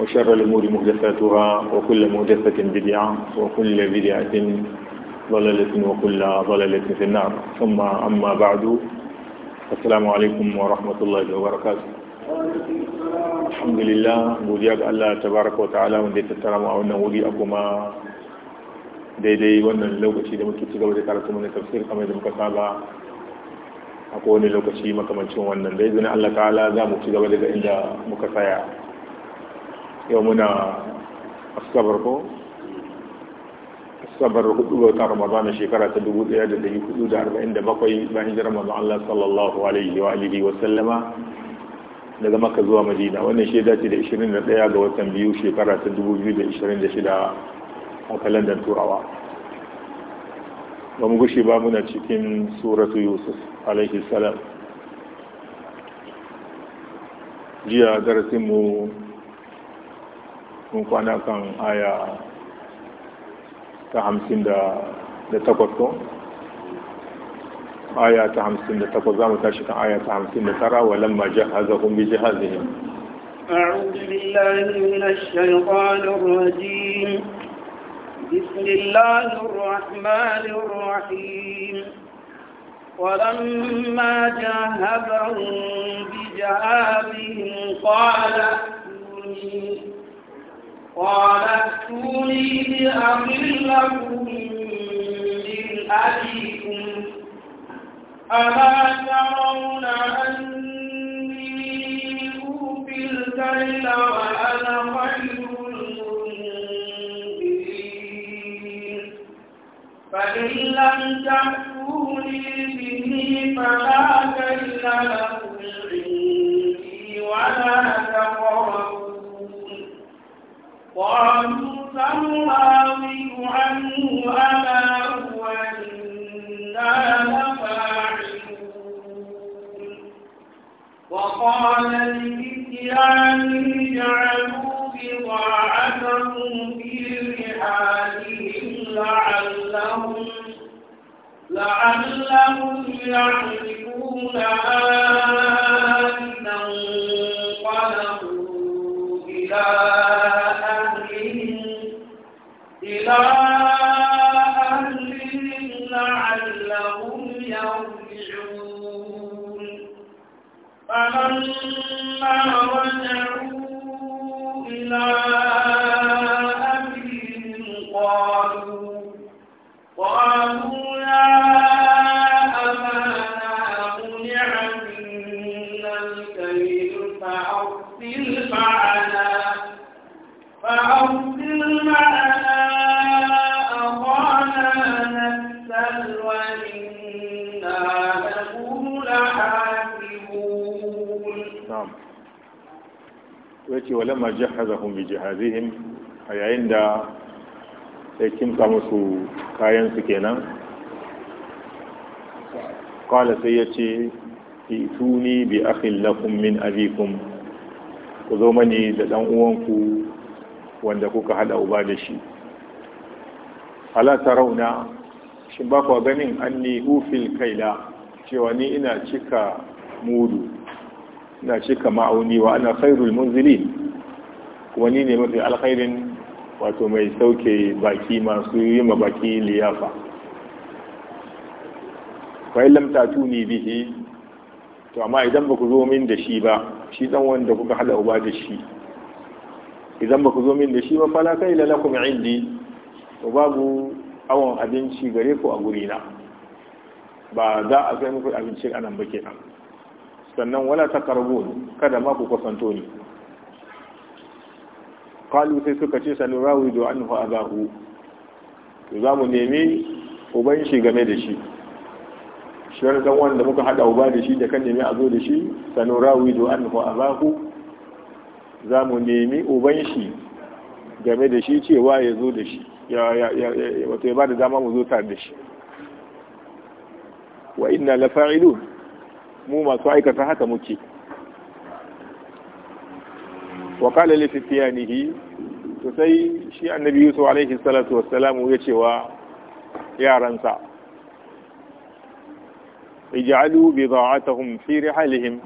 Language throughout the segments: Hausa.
وشر الأمور مهدثاتها وكل مهدثة بدعة وكل بدعة ضللة وكل ضللة في النار ثم أما بعد السلام عليكم ورحمة الله وبركاته الحمد لله مجيب الله تبارك وتعالى من السلام أو نولي أكما دي دي وانا اللوغة شيء دمك تجاو دي تعالى سمونا كما دمك سابا أكواني اللوغة شيء ما كما تشون وانا بإذن الله تعالى دا مكتجاو دي تعالى مكتجاو yau muna asabar ko asabar hudu ga watan ramadana shekara ta 1447 bayan hijirar manzon Allah sallallahu alaihi wa alihi wa sallama daga maka zuwa madina wannan shaida ce da 21 ga watan biyu shekara ta 2026 a kalandar turawa ba mu gushe ba muna cikin suratu yusuf alaihi salam jiya darasinmu mun kwana kan aya ta hamsin da takwas aya ta hamsin da takwas za mu tashi kan aya ta hamsin da tara walamma jahazahum bi jihazihim أعوذ بالله من بسم الله الرحمن الرحيم ولما جهبهم بجهابهم قال ائتوني قال ائتوني بأمر لكم من أبيكم ألا ترون أني أوفي الكيل وأنا خير المنزلين فإن لم تأتوني به فلا كيل لكم عندي ولا تقربون قالوا سنراود عنه أما هو لفاعلون وقال لفتيانه جعلوا بضاعتهم في رحالهم لعلهم لعلهم يعرفونها إذا انقلبوا إلى فلما رجعوا إلى walamma jahazahum bi jihazihim a yayin da sai kimsa musu kayan su kenan qala sai yace ituni bi akhin lakum min abikum ku zo mani da dan uwanku wanda kuka hada uba da shi ala tarawna shin ba ku ganin anni ufil kaila cewa ni ina cika mudu ina cika ma'auni wa ana khairul munzilin kuma ni ne mafi alkhairin wato mai sauke baki masu yi ma baki liyafa fa'in lamta tuni bihi to amma idan ba ku zo min da shi ba shi dan wanda kuka hada uba da shi idan ba ku zo min da shi ba fala kai la lakum indi to babu awon abinci gare ku a guri na ba za a kai muku abinci anan ba kenan sannan wala taqrabun kada ma ku kwasanto ni qalu sai suka ce rawi da wani fa’a za mu nemi uban shi game da shi shi wani zan wanda muka hada uba da shi da kan nemi a zo da shi da wani fa’a za mu nemi uban shi game da shi cewa ya zo da shi wato ya ba da dama mu zo tare da shi wa ina lafa'ilu mu masu aikata haka muke wa qala li fityanihi to sai shi annabi yusuf alaihi salatu wassalamu ya cewa yaransa ij'alu bida'atahum fi rihalihim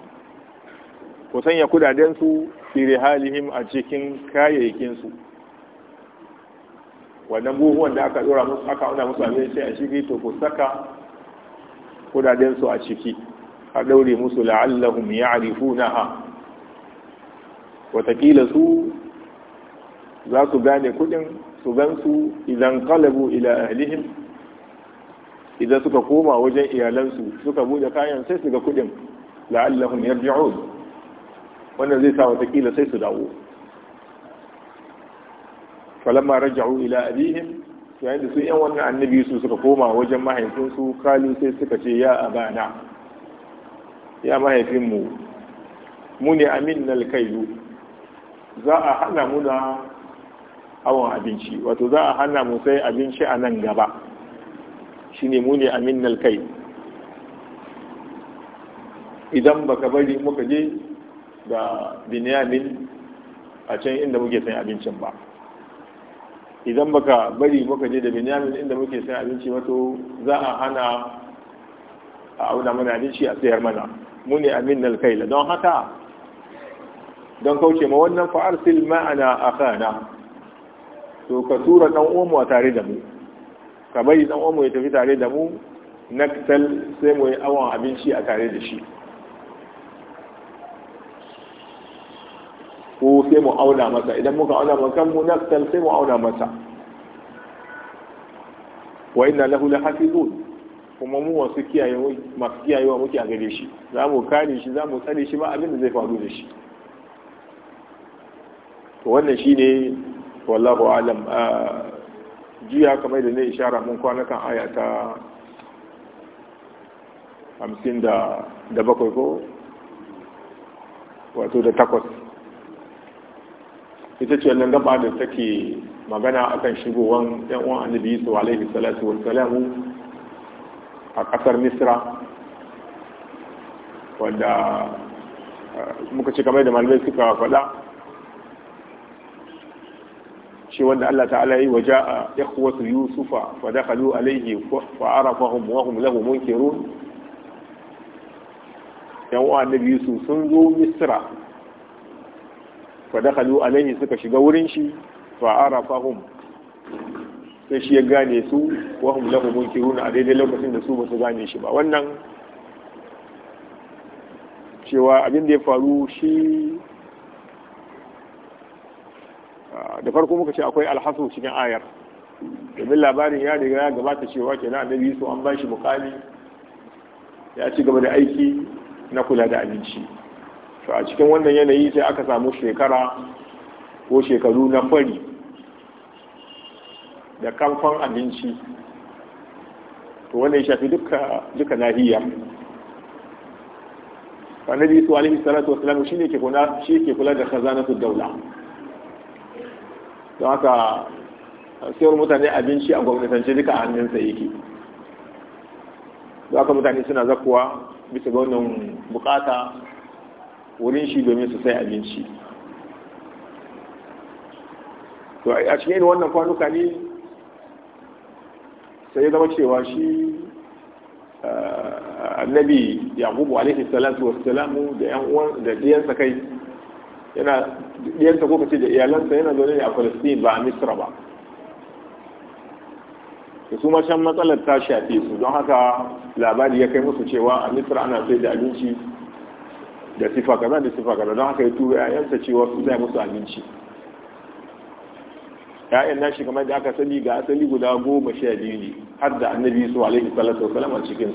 ku sanya kudaden su fi rihalihim a cikin kayayyakin su wannan buhuwan da aka dora musu aka auna musu abin sai a shiri to ku saka kudaden a ciki a daure musu la'allahum ya'rifunaha watakila su za su gane kudin su gansu idan kalabu ila ahlihim idan suka koma wajen iyalansu suka buɗe kayan sai su ga kudin la'allahum yarji'un wannan zai sa watakila sai su dawo falamma raja'u ila abihim yayin da su yan wannan annabi su suka koma wajen mahaifinsu kalu sai suka ce ya abana ya mahaifinmu mu ne aminnal kaidu za a hana muna awon abinci wato za a hana mu sai abinci a nan gaba shi ne mu ne aminnal kai idan baka bari muka je da binyamin a can inda muke sayan abincin ba idan baka bari muka je da binyamin inda muke sayan abinci wato za a hana a auna mana abinci a tsayar mana mu ne aminnal kai don haka don kauce ma wannan fa ma'ana ma'ana kana, to ka tura ɗan’omu a tare da mu ka bari ɗan’omu ya tafi tare da mu naktal sai mu yi awon abinci a tare da shi ko sai mu auna masa idan muka auna masa kan mu sai mu auna masa wa ina lahula hafi zuwa kuma mu wasu kiyaye kiyayewa muke a gare shi za mu kare shi za mu tsare shi ba abin da zai faru da shi to wannan ne wallahu alam a jiya kamar da ne ishara mun kwana kan aya ta 57 ko wato da takwas ita ce wannan gaba da take magana akan kan shigowar yan'uwan annabi su alaihi salatu salamu a kasar misra wanda muka ce kamar da malamai suka faɗa ce wanda Allah ta'ala yi wa ja'a ikhwatu yusufa fa dakhalu alayhi fa arafahum wa hum lahu munkirun yan uwa annabi yusuf sun zo misra fa dakhalu alayhi suka shiga wurin shi fa arafahum sai shi ya gane su wa hum lahu munkirun a daidai lokacin da su ba su gane shi ba wannan cewa abin da ya faru shi da farko muka ce akwai alhasu cikin ayar domin labarin ya riga ya gabata cewa ke na annabi su an bashi mukami ya ci gaba da aiki na kula da abinci to a cikin wannan yanayi sai aka samu shekara ko shekaru na fari da kamfan abinci to wannan ya shafi duka nahiya annabi su alaihi salatu wasalam shi ne ke kula da khazanatu daula don haka sayar mutane abinci a gwamnatance duka a hannunsa yake don haka mutane suna zakuwa bisa ga wannan bukata wurin shi domin su sai abinci to a cikin wannan kwanuka ne sai ya zama cewa shi eh, annabi yakubu alaihi salatu wassalamu da yan uwan da diyansa kai yana ɗiyarsa ko kace da iyalansa yana zaune ne a Palestine ba a Misra ba da su ma can matsalar ta shafe su don haka labari ya kai musu cewa a Misra ana sai da abinci da sifa kaza da sifa kaza don haka ya tura ƴaƴansa cewa su zai musu abinci ya'yan nashi kamar da aka sani ga asali guda goma sha biyu ne har da annabi su alaihi salatu wasalam a cikin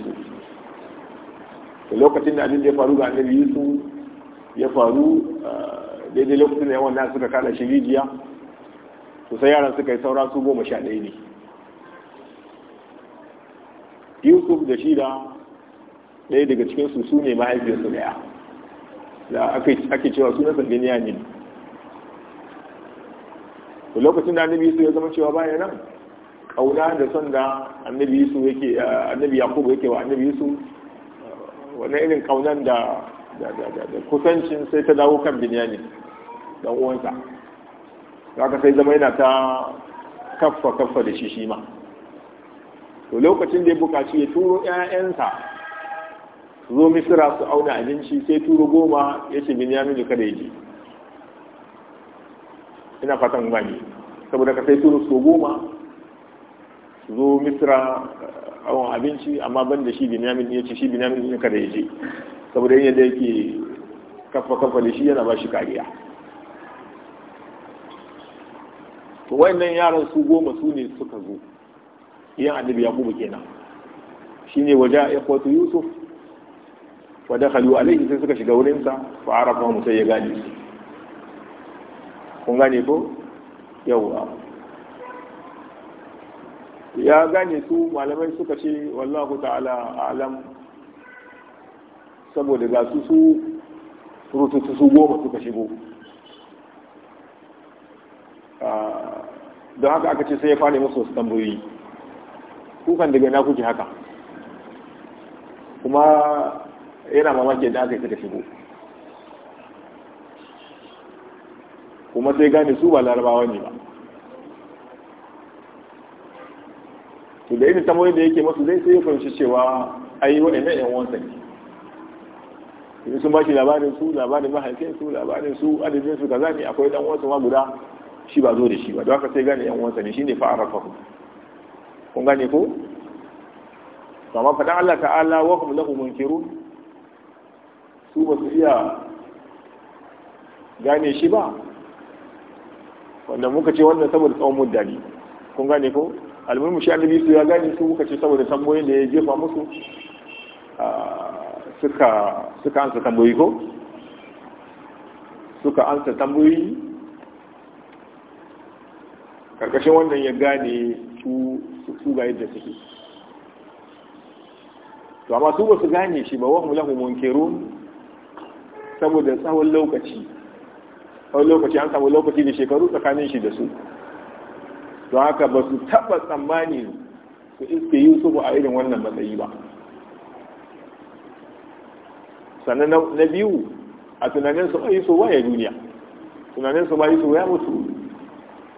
su lokacin da abin da ya faru ga annabi su ya faru daidai lokacin da yawan da suka kada shi rijiya su sai yaran suka yi saura su goma sha ɗaya ne yusuf da shida ɗaya daga cikinsu su ne mahaifiyarsu ɗaya da ake cewa su na sangin ne. lokacin da annabi su ya zama cewa baya nan ƙauna da son da annabi yake yakubu yake wa annabi su, wannan irin kaunan da da kusancin sai ta dawo kan binyani don uwansa haka sai zama yana ta kaffa kaffa da shi shi ma to lokacin da ya bukaci ya turo 'ya'yansa zo misira su auna abinci sai turo goma ya ce binyamin kada ya je ina fatan gani saboda ka sai turo su goma su zo misira eh, awon abinci amma ban da shi binyamin ya ce shi binyamin kada ya je saboda yadda yake kafa kafa da shi yana ba shi kariya to wayannan yaran su goma su ne suka zo yin annabi yaqubu kenan Shi ne waje a ikhwatu yusuf wa dakhalu alayhi sai suka shiga wurin sa fa arafa mu sai ya gane su kun gane ko yawa ya gane su malamai suka ce wallahu ta'ala alam saboda ga su su rututu su goma suka shigo ah, don haka aka ce sai ya fara masu wasu tambayoyi kukan daga na kuke haka kuma yana mamaki da aka yi suka shigo kuma sai gane su ba larabawa ne ba to da irin tamoyin da yake masu zai sai ya kwanci cewa ai waɗannan 'yan wansa ne in sun bashi labarin su labarin mahaifin su labarin su adadin su kaza ne akwai dan wasu ma guda shi ba zo da shi ba don haka sai gane yan wansa ne shine fa arafa ku kun gane ko amma fadan Allah ta'ala wa hum lahu munkirun su ba su iya gane shi ba wanda muka ce wannan saboda tsawon muddali kun gane ko almuhimu shi annabi su ya gane su muka ce saboda tamboyin da ya jefa musu ah, suka suka ansa tambayi ko suka ansa tambayi karkashin wannan ya gane su su ga yadda suke to amma su ba su gane shi ba wahum lahu munkirun saboda tsawon lokaci tsawon lokaci an samu lokaci da shekaru tsakanin shi da su to haka ba su taba tsammani su iske yusufu a irin wannan matsayi ba sannan na biyu a tunanin su ai so waya duniya tunanin su bai so ya mutu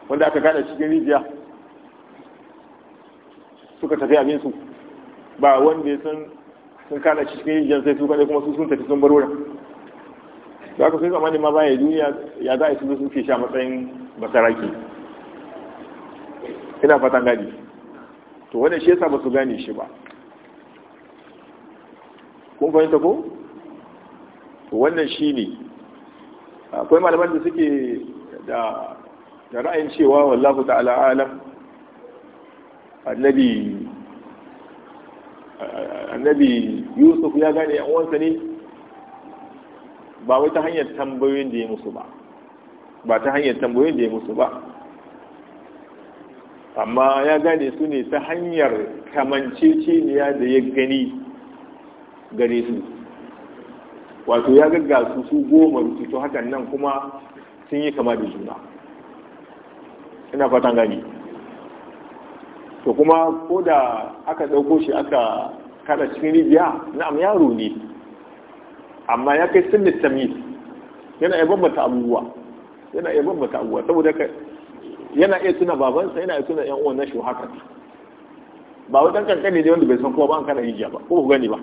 wanda aka kada cikin rijiya suka tafi abin su ba wanda ya san sun kada cikin rijiyar sai su kada kuma su sun tafi sun bar wurin da aka sun zamanin ma baya duniya ya za a yi su suke sha matsayin basaraki ina fatan gani to wanda shi yasa ba su gane shi ba kun fahimta ko wannan shi ne akwai malaman da suke da ra'ayin cewa wallahu ta'ala alam annabi yusuf ya gane yan ne ba wata ta hanyar tambayoyin da ya musu ba ba ta hanyar tambayoyin da ya musu ba amma ya gane su ne ta hanyar kamanceceniya da ya gani gare su wato ya gagga su su goma rubutu hakan nan kuma sun yi kama da juna ina fatan gani to kuma ko da aka ɗauko shi aka kada cikin rijiya na'am yaro ne amma ya kai sun littami yana iya bambata abubuwa yana iya bambata abubuwa saboda yana iya tuna babansa yana iya tuna yan uwan shi haka ba wai dan kankane ne wanda bai san kowa ba an kana rijiya ba ko ku gani ba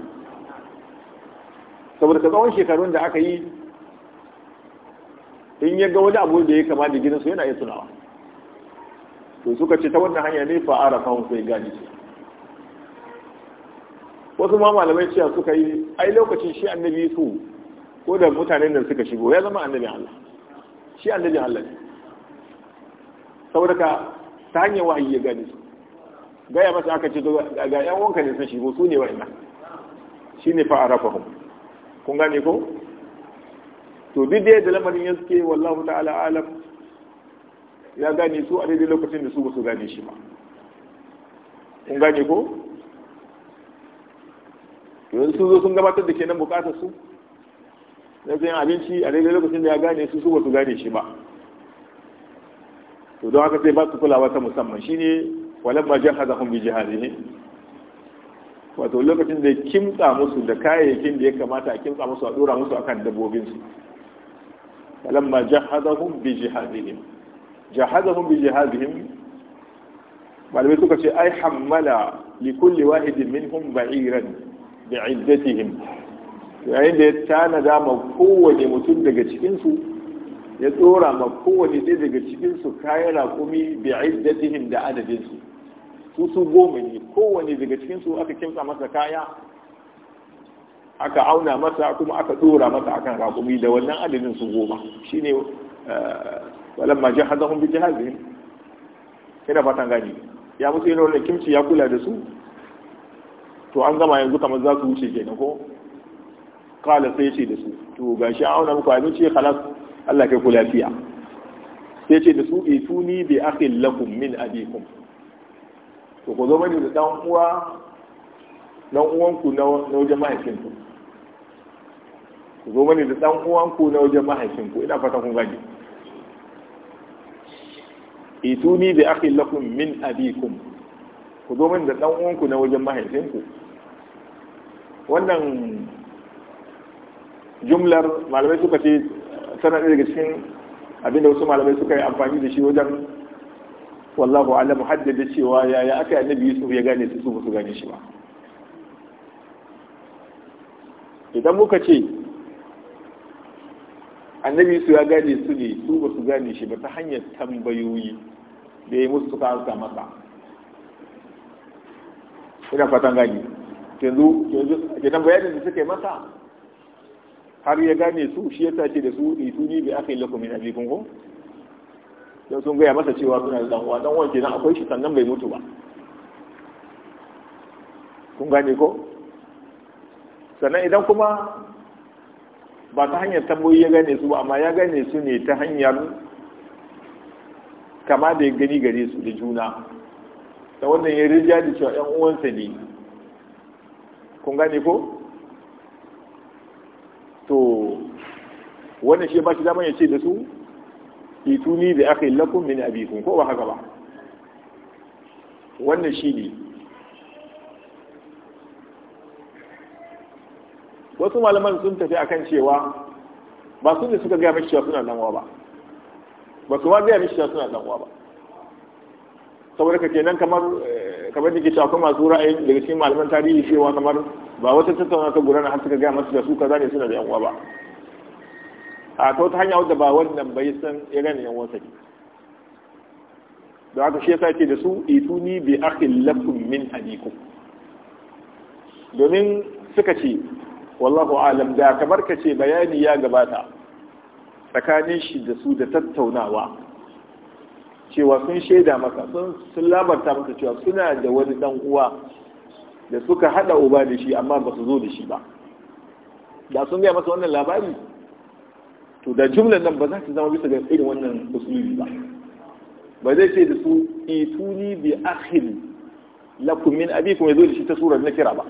saboda ka tsawon shekarun da aka yi in ya ga wani abu da ya kama da gidansu yana iya tunawa to suka ce ta wannan hanya ne fa ara kawun sai gani ce wasu ma malamai cewa suka yi ai lokacin shi annabi su ko da mutanen da suka shigo ya zama annabi Allah shi annabi Allah ne saboda ka ta hanyar wahayi ya gani su gaya masa aka ce ga yan wanka ne sun shigo su ne wa'ina shi ne fa ara kun gane ko to duk da lamarin ya suke wallahu ta'ala alam ya gane su a daidai lokacin da su ba su gane shi ba kun gane ko to yanzu sun zo sun gabatar da kenan bukatar su na zai abinci a daidai lokacin da ya gane su su ba su gane shi ba to don haka sai ba su kulawa ta musamman shine walamma jahazahum bi jihadihim wato lokacin da ya kimtsa musu da kayayyakin da ya kamata a kimtsa musu a dora musu akan dabbobinsu falamma jahadahum bi jihadihim jahadahum bi jihadihim malamai suka ce ai hammala li kulli wahidin minhum ba'iran bi iddatihim yayin da ya tanada ma kowane mutum daga cikin su ya tsora ma kowane daga cikin su kayan raƙumi bi iddatihim da adadin su su su goma ne kowane daga cikinsu aka kimsa masa kaya aka auna masa kuma aka dora masa akan raƙumi da wannan adadin su goma shine eh, walamma jahazahum bi jahazihim da fatan gani ya musu yana wannan kimci ya kula da su to an gama yanzu kamar za su wuce kenan ko kala sai ce da su to gashi shi auna muku abinci khalas Allah kai ku lafiya sai ce da su ituni bi akhil lakum min abikum to ku zo mani da dan uwa dan ku na wajen mahaifinku ku zo mani da dan ku na wajen mahaifinku ina fata kun gani ituni bi akhi lakum min abikum ku zo mani da dan ku na wajen mahaifinku wannan jumlar malamai suka ce sanar daga cikin abinda wasu malamai suka yi amfani da shi wajen wallahu alam haddada cewa yaya aka annabi yusuf ya gane su su musu gane shi ba idan muka ce annabi yusuf ya gane su ne su ba su gane shi ba ta hanyar tambayoyi da ya musu suka harka masa ina fatan gani yanzu yanzu bayanin da suka yi masa har ya gane su shi ya sace da su ituni bi lakumin min abikum don sun gaya masa cewa suna da dan don wanke na akwai shi sannan bai mutu ba kun gane ko sannan idan kuma ba ta hanyar tambayi ya gane su ba amma ya gane su ne ta hanyar kama da ya gani gare su da juna ta wannan ya rija da cewa yan uwansa ne kun gane ko to wannan shi ba shi zama ya ce da su ituni bi akhi lakum min abikum ko ba haka ba wannan shi ne wasu malaman sun tafi akan cewa ba su ne suka gaya mashi cewa suna danwa ba ba su ma gaya mashi cewa suna danwa ba saboda ka kenan kamar eh, kamar da ta kuma masu ra'ayin daga cikin malaman tarihi cewa kamar ba wata tattauna ta gurana har suka gaya masu da su kaza ne suna da yan uwa ba a ta wata hanya wadda ba wannan bai san iran yan wasa ne da haka shi yasa ke da su ituni bi akhil lakum min abikum domin suka ce wallahu alam da kamar ka ce bayani ya gabata tsakanin shi da su da tattaunawa cewa sun shaida maka sun labarta maka cewa suna da wani dan uwa da suka hada uba da shi amma ba su zo da shi ba da sun gaya masa wannan labari to da jumla nan ba za ta zama bisa ga irin wannan usulubi ba ba zai ce da su ituni bi akhil lakum min abikum yazo da shi ta surar nakira ba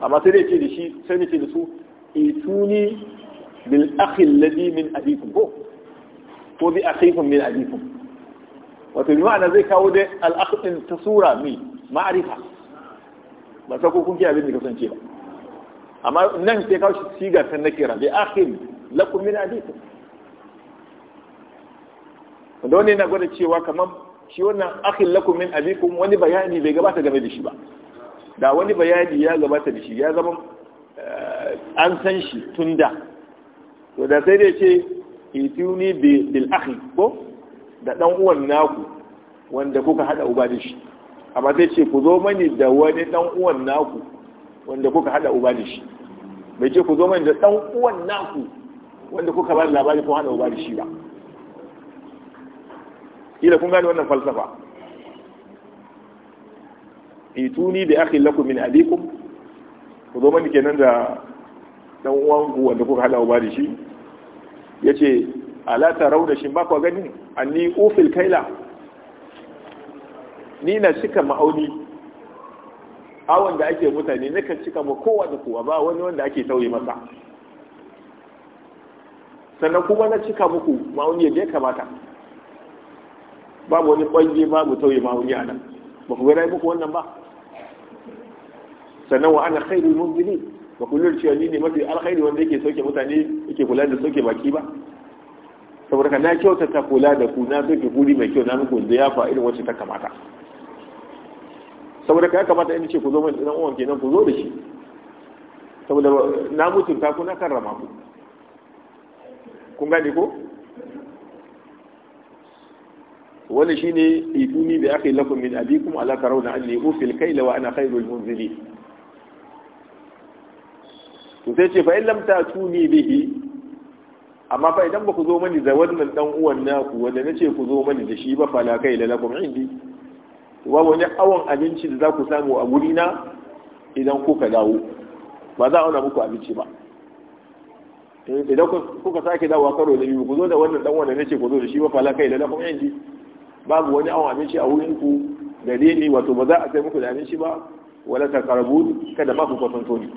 amma sai dai ce da shi sai ce da su ituni bil akhil ladhi min abikum ko ko bi akhikum min abikum wato bi ma'ana zai kawo dai al akhin ta sura mi ma'rifa ba ta ko kun ki abin da kasance ba amma nan sai kawo shi siga ta nakira bi akhil lakum min adikum don wani yana gwada cewa kamar shi wannan akhil lakum min abikum wani bayani bai gabata game da shi ba da wani bayani ya gabata da shi ya zama eh, an san shi tun da to da sai dai ce ituni bil akhi ko da dan uwan naku wanda kuka hada uba da shi amma sai ce ku zo mani da wani dan uwan naku wanda kuka hada uba da shi bai ce ku zo mani da dan uwan naku wanda kuka ba labari ko hana uba shi ba ila kun gane wannan falsafa ituni bi akhi lakum min abikum ku zo mani kenan da dan uwan ku wanda kuka hada uba da shi yace ala tarawna shin ba ku gani anni ufil kaila ni na cika ma'auni awon da ake mutane kan cika ma kowa da kowa ba wani wanda ake tauye masa sannan kuma na cika muku ma'auni yadda ya kamata babu wani kwange babu tauye ma'auni a nan ba ku gana muku wannan ba sannan wa ana mun munzili ba ku lura cewa ni ne mafi alkhairi wanda yake sauke mutane yake kula da sauke baki ba saboda ka na kyautata kula da ku na sauke guri mai kyau na muku da ya fa irin wacce ta kamata saboda ka ya kamata in ce ku zo mai dan uwan kenan ku zo da shi saboda na mutunta ku na karrama ku kun gane ko wani shine iduni da aka yi lakum min abikum ala na anni ufil kai lawa ana khairul munzili to sai ce fa in lam tatuni bihi amma fa idan ba ku zo mani da wannan dan uwan naku wanda nace ku zo mani da shi ba fala kayla lakum indi wa wani awon abinci da za ku samu a gurina idan kuka dawo ba za a auna muku abinci ba Eh, idan kuka sake dawowa karo da biyu ku zo da wannan dan wanda nace ku zo da shi ba fala kai da lakum inji babu wani awon abinci a wurin ku gare ni wato ba za a sai muku da abinci ba wala taqrabu kada ma ku kwatanto ni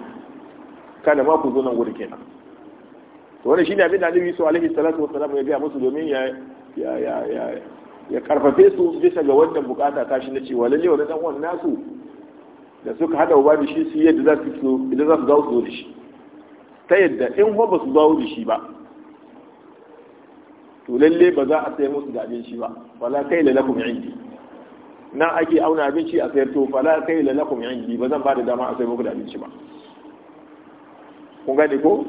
kada ma ku zo nan gudu kenan to wannan shine abin da Annabi sallallahu alaihi wasallam wassalam ya ga musu domin ya ya ya ya ya karfafe su bisa ga wannan bukata ta shi na cewa lalle wannan dan wannan nasu da suka hada uba da shi su yadda za su idan za su su zo da shi ta yadda in ho ba su dawo da shi ba to lalle ba za a sai musu da abinci ba wala kai la lakum indi na ake auna abinci a sayar to fala kai la lakum indi ba zan ba da dama a sai muku da abinci ba kun gane ko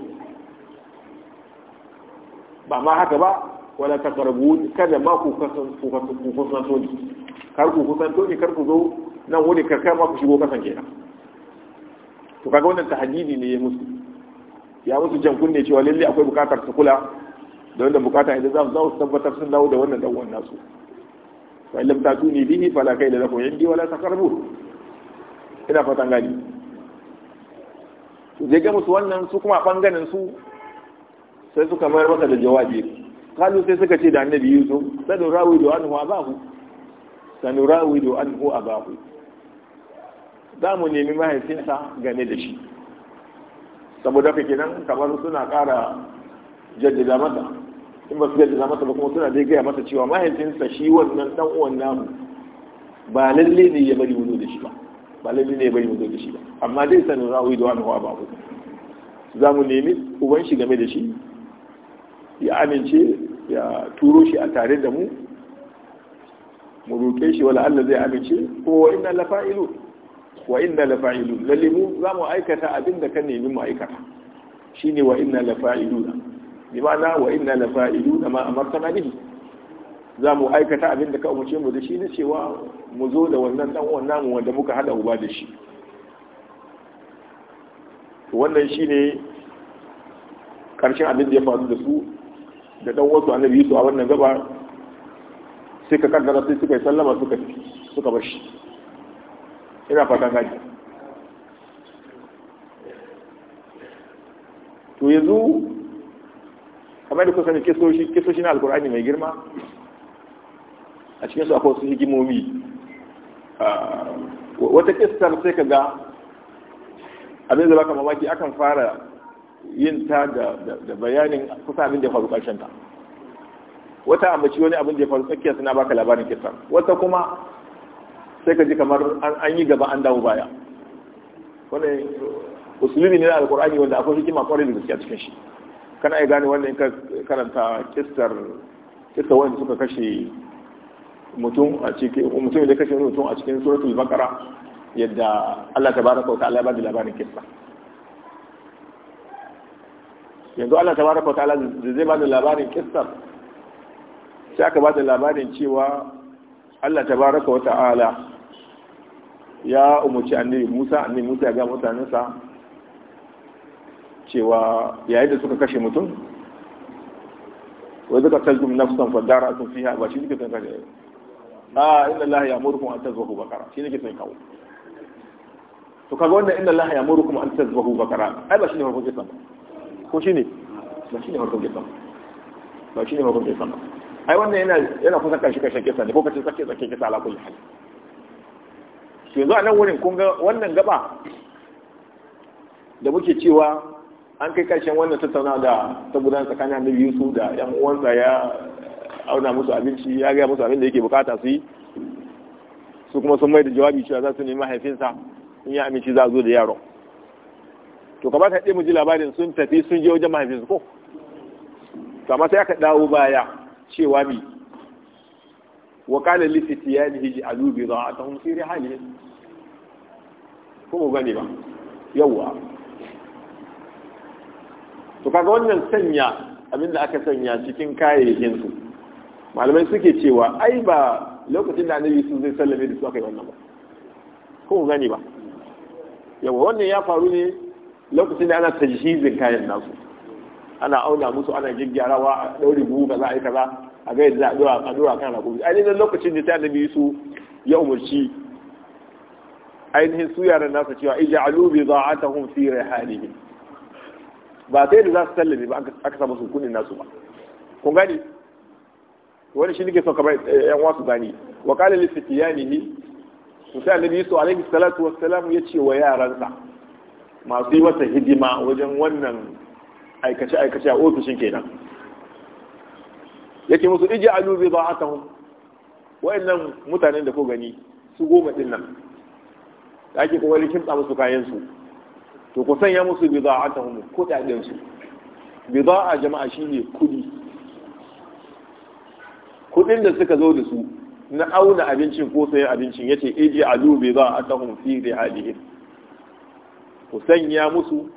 ba ma haka ba wala takarbu kada ma ku kasan ku kasan ku kasan to ni kar ku kusan to ni kar ku zo nan wani karkar ma ku shigo kasan kenan to kaga wannan tahdidi ne ya musu ya musu jan kunne cewa lalle akwai bukatar su kula da wanda bukata idan za su tabbatar sun dawo da wannan dan uwan nasu fa illam tuni bihi fala da lakum indi wala taqrabu ina fatan gani to je ga musu wannan su kuma bangaren su sai suka mayar masa da jawabi kalu sai suka ce da annabi yusuf sanurawi da anhu abahu sanurawi da anhu abahu za mu nemi mahaifinsa game da shi saboda ka kenan kamar suna ƙara jaddada mata in ba su jaddada mata ba kuma suna dai gaya mata cewa mahaifinsa shi wannan dan uwan namu ba lalle ne ya bari wudo da shi ba ba lalle ne ya bari wudo da shi ba amma dai sanin ra'ayi da wani ba ku za mu nemi uban shi game da shi ya amince ya turo shi a tare da mu mu roƙe shi wala Allah zai amince ko wa inna lafa'ilun wa inna la fa'ilun lalle mu za mu aikata abin da ka nemi mu aikata shine wa inna la fa'iluna bi ma'ana wa inna la fa'iluna ma amartana bihi za mu aikata abin da ka umarce mu da shi ne cewa mu zo da wannan dan uwan namu wanda muka hada uba da shi wannan shine karshen abin da ya faru da su da dan wasu annabi su a wannan gaba sai ka kaddara sai suka yi sallama suka suka bar shi ina fata gaji. to yanzu kamar da ne kesoshi kesoshi na alkur'ani mai girma a cikin su akwai su hikimomi wata kistar sai ka ga abin da baka mamaki akan fara yin ta da bayanin kusa abin da ya faru ƙarshen ta wata ambaci wani abin da ya faru tsakiyar suna baka labarin kistar wata kuma sai ka ji kamar an yi gaba an dawo baya wani usulubi ne na alkur'ani wanda akwai hikima kwarai da gaskiya cikin shi kana iya gane wannan ka karanta kistar kistar wanda suka kashe mutum a cikin mutum da kashe mutum a cikin suratul baqara yadda Allah tabaraka wa ta'ala ya bada labarin kista yanzu Allah tabaraka wa ta'ala zai bada labarin kista sai aka bada labarin cewa Allah tabaraka wa ta'ala ya umarci annabi Musa annabi Musa ya ga mutanensa cewa yayin da suka kashe mutum wa zaka talzum nafsan fa sun fiha ba shi ne kan kashe a inna Allah kuma an tazbahu bakara shi ne ke sai to kaga wannan inna Allah ya'murukum an tazbahu bakara ai ba shi ne farkon kisan ko shi ne ba shi ne farkon kisan ba shi ne farkon kisan ai wannan yana yana kusan karshe karshen kisa ne ko kace sake sake kisa ala kulli hal shi yanzu a nan wurin kun ga wannan gaba da muke cewa an kai karshen wannan tattaunawa da ta tsakanin annabi Yusuf da yan uwansa ya auna musu abinci ya gaya musu abin da yake bukata su yi su kuma sun mai da jawabi cewa za su nemi mahaifinsa in ya amince za a zo da yaron to kamata ɗaya mu ji labarin sun tafi sun je wajen mahaifinsu ko to amma sai aka dawo baya cewa mi wa dubi za a ja'alu bida'atuhum hali rihalihim ko gani ba yawwa to kaga wannan sanya abinda aka sanya cikin kayayyakin su malamai suke cewa ai ba lokacin da annabi sun zai sallame da su aka yi wannan ba ko gani ba yawwa wannan ya faru ne lokacin da ana tajhizin kayan nasu ana auna musu ana gyaggyarawa a ɗaure buhu kaza a yi kaza a ga yadda a ɗora kan rakumi ainihin lokacin da ta nabi su ya umarci ainihin su yaran nasa cewa ija alubi za a ta hun fi rihalihi ba sai da za su sallame ba aka samu musu kudin nasu ba kun gani wani shi nake so kamar eh, yan wasu gani wa kala lisfitiyanihi su sai annabi yusuf alaihi salatu wassalam ya ce wa yaransa masu yi masa hidima wajen wannan aikace aikace a ofishin kenan yake musu ije alu bai ba aka hun wa'annan mutanen da ko gani su goma din nan da ake kokarin kimtsa musu kayansu. to ku sanya musu bai za aka hun kudaden su bai za a jama'a shi ne kudi kudin da suka zo da su na auna abincin ko sayan abincin yace ije alu bai za aka hun fi rihalihim ku sanya musu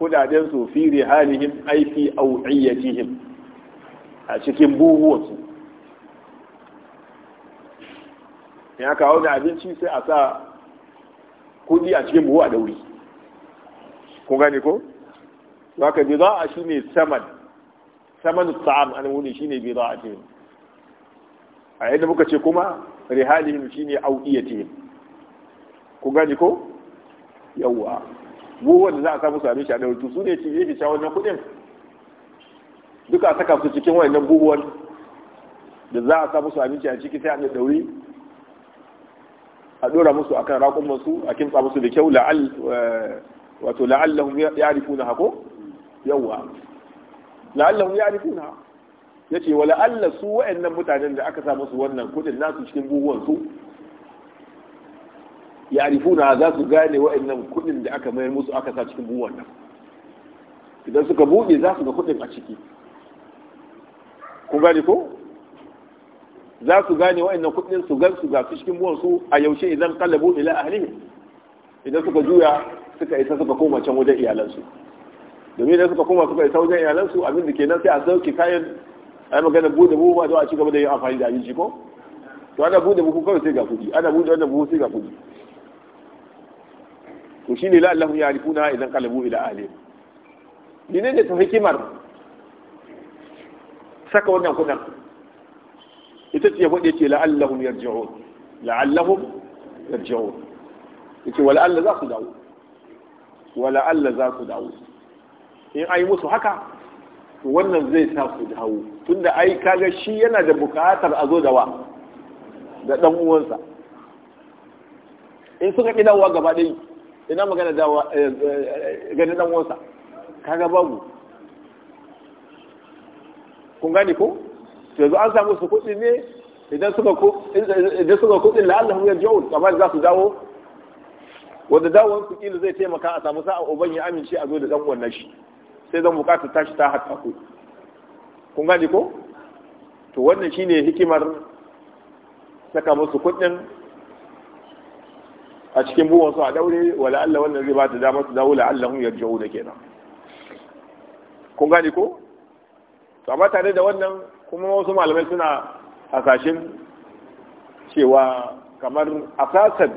kudaden su fi rihalihim ai fi au'iyatihim a cikin buhuwansu ya kawo da abinci sai a sa kudi a cikin buhu a dauri kun gane ko haka bida'a shine saman saman ta'am an wuni shine bida'a ce a yadda muka ce kuma rihalihim shine au'iyatihim ku gani ko yawwa guguwar da za a samu su abin a da su ne cije shi sha wannan kuɗin duka a saka su cikin wannan guguwar da za a samu sami abinci a ciki sai a ɗauri a ɗora musu kan raƙon masu a kimsa musu da kyau la'al ya eh, la'allahum ya'rifuna hako yawwa na ya yace wa la'allah su wa'annan mutanen da aka samu su wannan kudin nasu cikin buhuwan su ya arifuna za su gane wa'annan kudin da aka mayar musu aka sa cikin buwan nan idan suka buɗe za su ga kudin a ciki ku gane ko za su gane wa'annan kudin su gan su ga su cikin buwan su a yaushe idan kallabu ila ahlihi idan suka juya suka isa suka koma can wajen iyalansu domin idan suka koma suka isa wajen iyalansu abin da kenan sai a sauke kayan a yi magana buɗe buhu ba zuwa a ci gaba da yin amfani da abinci ko to ana buɗe buhu kawai sai ga kuɗi ana buɗe wannan buhu sai ga kuɗi to shine la Allahu ya'rifuna idan kalabu ila ne ne ta hikimar saka wannan kudin ita ce faɗe ce la'allahum yarji'un la'allahum yarji'un yace wala Allah za su dawo wala Allah za su dawo in ai musu haka wannan zai sa su dawo tunda ai kaga shi yana da bukatar a zo da wa da dan uwansa in suka ki dawowa gaba ɗaya ina magana da eh, eh, ganin dan wasa kaga babu kun gani ko to yanzu an samu su kudi ne idan suka idan suka Allah ya yarji'un kamar za su dawo wanda dawon su kila zai taimaka a samu sa'a uban ya amince a zo da dan wannan shi sai zan bukata tashi ta hatta ku kun gani ko to wannan shine hikimar saka musu kuɗin a cikin buwan su a daure wala Allah wannan zai ba ta damar su dawo la'allahum hu da kenan kun gane ko to amma tare da wannan kuma wasu malamai suna hasashen cewa kamar asasan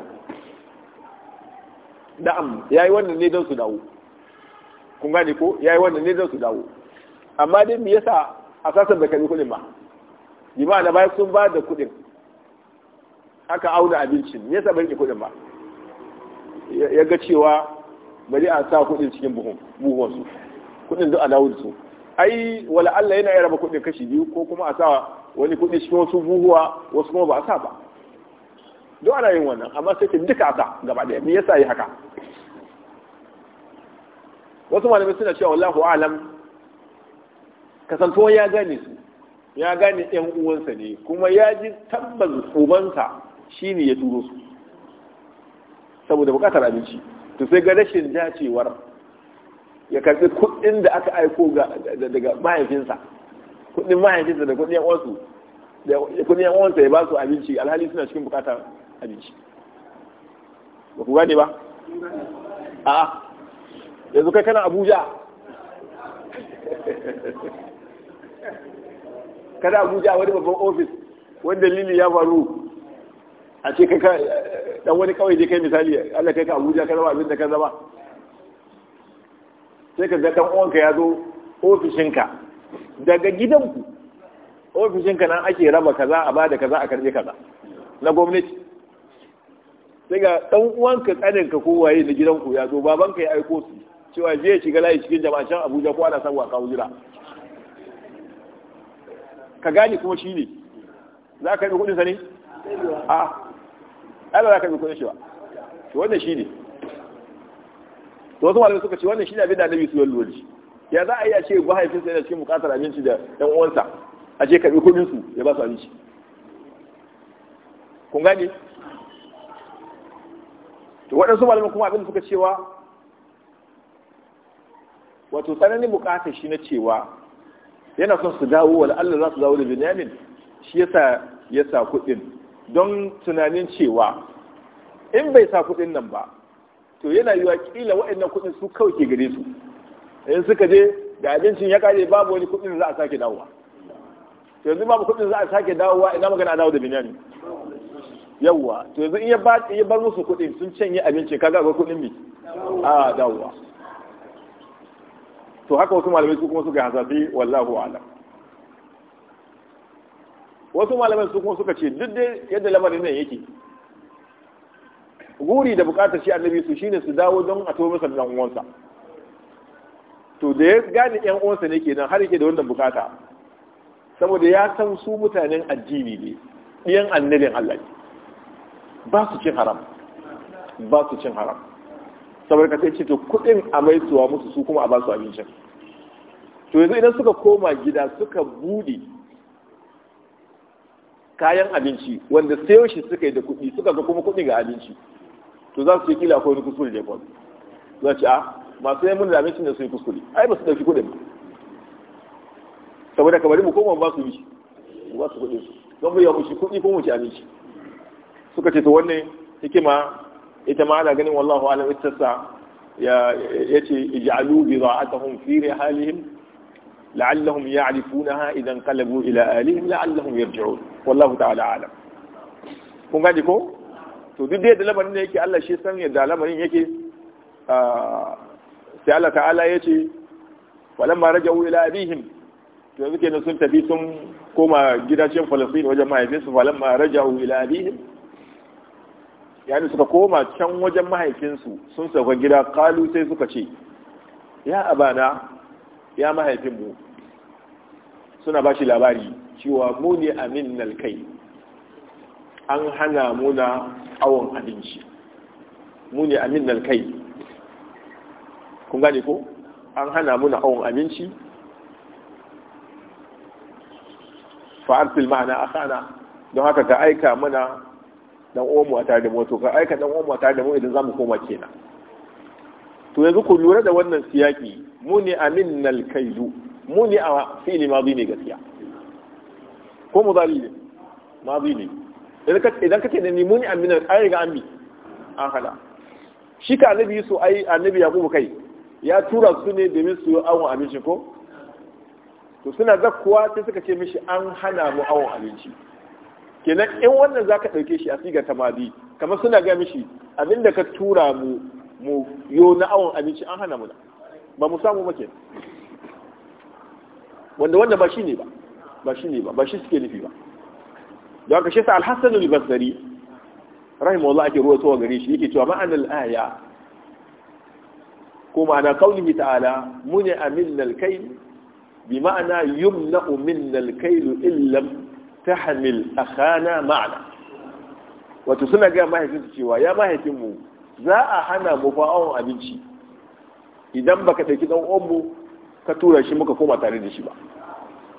da'am ya yi wannan ne don su dawo kun gane ko ya yi wannan ne don su dawo amma dai me yasa asasan da kani kudin ba bi ma da bayan sun ba da kudin aka auna abincin me yasa bai ki kudin ba ya ga cewa bari a sa kuɗin cikin buhunsu kuɗin zuwa da su ai wala Allah yana raba kuɗin kashi biyu ko kuma a sa wani kudin cikin wasu buhuwa wasu kuma ba a sa ba don ana yin wannan amma sai duka a sa gaba ɗaya me yasa yi haka wasu malamai suna cewa wallahu alam kasantuwa ya gane su ya gane yan uwansa ne kuma ya ji tabbas ubansa shine ya turo su saboda bukatar abinci to sai ga rashin dacewar ya karbi kudin da aka aiko daga mahaifinsa kudin mahaifinsa da kuɗin yan'uwansu da kudin yan'uwansa ya ba su abinci alhali suna cikin bukatar abinci ba ku gane ba a yanzu kai kana abuja kana abuja wani babban ofis wanda lili ya faru a ce ka dan wani kawai je kai misali Allah kai ka Abuja ka zama abin da ka zama sai ka ga dan uwanka ya zo ofishinka daga gidanku ofishinka nan ake raba kaza a bada kaza a karbe kaza na gwamnati sai ga dan uwanka tsaninka ko waye na gidanku ya zo babanka ya aiko su cewa je ya shiga layi cikin jama'a can Abuja ko ana san kawo jira ka gane kuma shi ne za ka yi kuɗinsa sa ne a ala za ka bi kuɗin shi ba to wannan shi ne to wasu malamai suka ce wannan shi ne abin da annabi su yallo ji ya za a yi a ce sai yana cikin buƙatar abinci da ɗan uwansa a ce karɓi kudin su ya ba su abinci kun gane to waɗansu malamai kuma abin da suka cewa wato tsananin buƙatar shi na cewa yana son su dawo wa Allah za su dawo da Benjamin shi yasa ya sa kuɗin don tunanin cewa in bai sa kudin nan ba to yana yiwa kila waɗannan kudin su kawai ke gare su in suka je da abincin ya kare babu wani kudin za a sake dawowa to yanzu babu kudin za a sake dawowa ina magana a dawo da binyani yawwa to yanzu in ya bar musu kudin sun canye abincin kaga akwai kudin mi a dawowa to haka wasu malamai su kuma suka hasabi wallahu alam wasu malamai su kuma suka ce duk dai yadda lamarin nan yake guri da bukatar shi annabi su shine su dawo don a tobe masa dan uwansa to da ya gane yan uwansa ne kenan har yake da wannan bukata saboda ya san su mutanen addini ne ɗiyan annabin Allah ne ba su cin haram ba su cin haram saboda ka sai ce to kuɗin a suwa musu su kuma a ba su abincin to yanzu idan suka koma gida suka buɗe kayan abinci wanda sayo shi suka yi da kuɗi suka ga kuma kuɗi ga abinci to za su yi kila ko wani kuskure da ya za ce a ah, masu yamin da abincin da su yi kuskure ai ba su ɗauki kuɗin saboda kamar bari mu koma ba su yi ba su kuɗin su don bai yawon shi kuɗi ko mu ci abinci suka ce to wannan hikima ita ma ana ganin wallahu alam ita sa ya ce ij'alu bi ra'atahum fi rihalihim la'allahum ya'rifunaha idan qalabu ila alihim la'allahum yarji'un wallahu ta'ala alam kun gani ko to duk da lamarin da yake Allah shi san yadda lamarin yake sai Allah ta'ala ya ce walamma raja'u ila abihim to yanzu ne sun tafi sun koma gidajen Falastin wajen mahaifinsu walamma raja'u ila abihim yani suka koma can wajen mahaifinsu sun sauka gida kalu sai suka ce ya abana ya mahaifinmu suna ba shi labari cewa mu ne amin nalkai an hana muna awon abinci mu ne amin nalkai kun gane ko an hana muna awon abinci fa'arfil ma'ana a sana don haka ka aika mana dan omu a tare da moto ka aika dan omu a tare da mu idan za mu koma kenan to yanzu ku lura da wannan siyaki muni amin alkaidu muni a fili ma ne gaskiya ko mudari ne ma ne idan kace da ni muni a an ayi ga ambi an hada shi ka annabi su ai annabi kuma kai ya tura su ne domin su yi awon abinci ko to suna zakkuwa sai suka ce mishi an hana mu awon abinci kenan in wannan zaka dauke shi a sigar tamadi kamar suna ga mishi abinda ka tura mu mu yo na awon abinci an hana mu na ba mu samu make wanda wanda ba shi ne ba ba shi ne ba ba shi suke nufi ba da aka shi alhassan al rahimu Allah, ake ruwa tsawa gare shi yake cewa ma'anar aya ko ma'ana kaulihi ta'ala muni a al kai, bi ma'ana yumna'u minna al-kayl illam a kana ma'ana wato suna gaya mahaifinsu cewa ya mahaifinmu za a hana mu fa'awon abinci idan baka ɗauki ɗan uwanmu ka tura shi muka koma tare da shi ba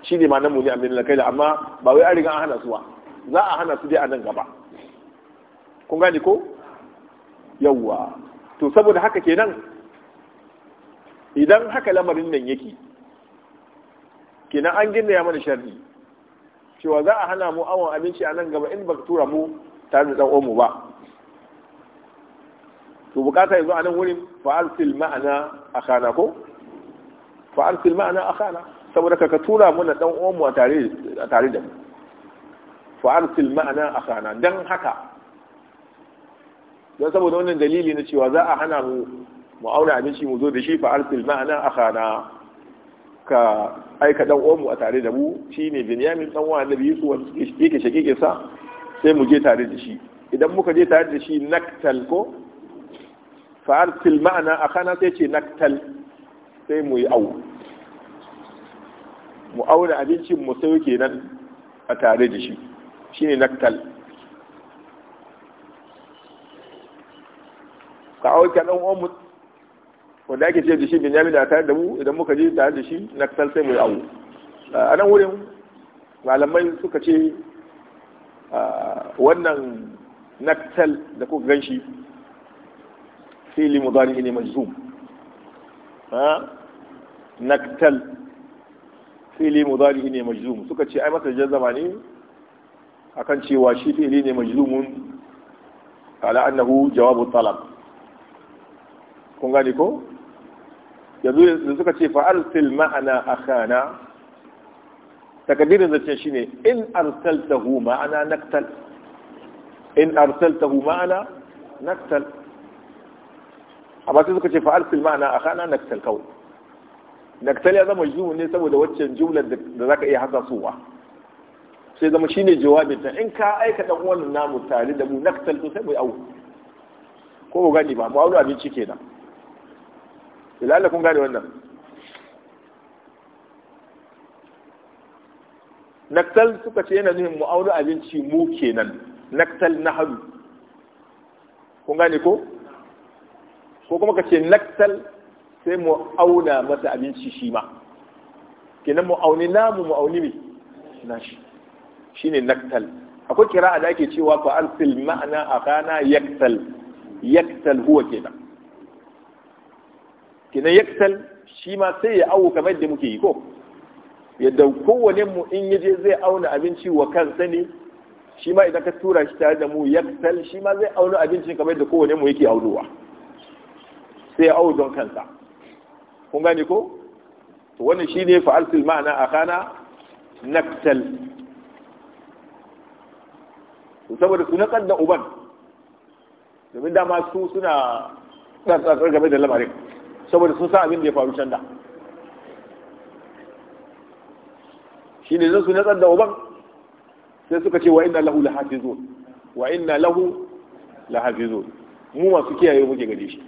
shi ne ma nan muni amin da amma ba wai an riga an hana su ba za a hana su dai a nan gaba kun gane ko yawwa to saboda haka kenan idan haka lamarin nan yake kenan an gina ya mana sharri cewa za a hana mu awon abinci a nan gaba in baka tura mu tare da ɗan ba to bukata yanzu a nan wurin fa'arsil ma'ana kana ko fa'arsil ma'ana kana saboda ka tura mana ɗan omu a tare da mu fa'arsil ma'ana kana don haka don saboda wannan dalili na cewa za a hana mu mu auna abinci mu zo da shi fa'arsil ma'ana kana ka aika ɗan omu a tare da mu shine Binyamin dan uwan Annabi Yusuf yake shakike sa sai mu je tare da shi idan muka je tare da shi naktal ko Fa'ar ma'ana a kana sai ce naktal sai mu yi au mu auna abincin mu yake nan a tare da shi shi ne naktal ka auka ɗan uwanmu wanda ake ce da shi benjamin a tare da mu idan muka je tare da shi naktal sai mu yi au a nan wurin malamai suka ce wannan naktal da kuka gan shi فعل مضارع لمجزوم ها نقتل فعل مضارع لمجزوم سكتشي اي مثل جزماني معني اكن شي واشي فعل مجزوم على انه جواب الطلب كون غادي كو يزول سكتشي فارسل معنا اخانا تكبير ذات شيني ان ارسلته معنا نقتل ان ارسلته معنا نقتل amma sai suka ce fa fil ma'ana a kana naktal kawai naktal ya zama jumu ne saboda waccan jumlar da zaka iya hasasowa sai zama shine jawabin ta in ka aika dan wannan namu tare da mu naktal to sai mu au ko ba gani ba mu aure abinci kenan lalle kun gane wannan naktal suka ce yana nufin mu aure abinci mu kenan naktal nahru kun gane ko ko kuma ka ce naktal sai mu auna masa abinci shi ma kenan mu auni namu mu auni me na shi ne naktal akwai kira da ake cewa fa arsil ma'ana kana yaktal yaktal huwa kenan kenan yaktal shi ma sai ya auka kamar yadda muke yi ko yadda kowane mu in yaje zai auna abinci wa kansa ne shi ma idan ka tura shi tare da mu yaktal shi ma zai auna abincin kamar yadda kowane mu yake aunowa sai ya don kansa kun gane ko to wannan shine fa'altul ma'ana akana naktal to saboda su nakal da uban domin dama su suna tsartsar game da lamarin saboda sun sa abin da ya faru can da shi ne su natsar da uban sai suka ce wa inna lahu la hafizun wa inna lahu la hafizun mu masu kiyaye muke gade shi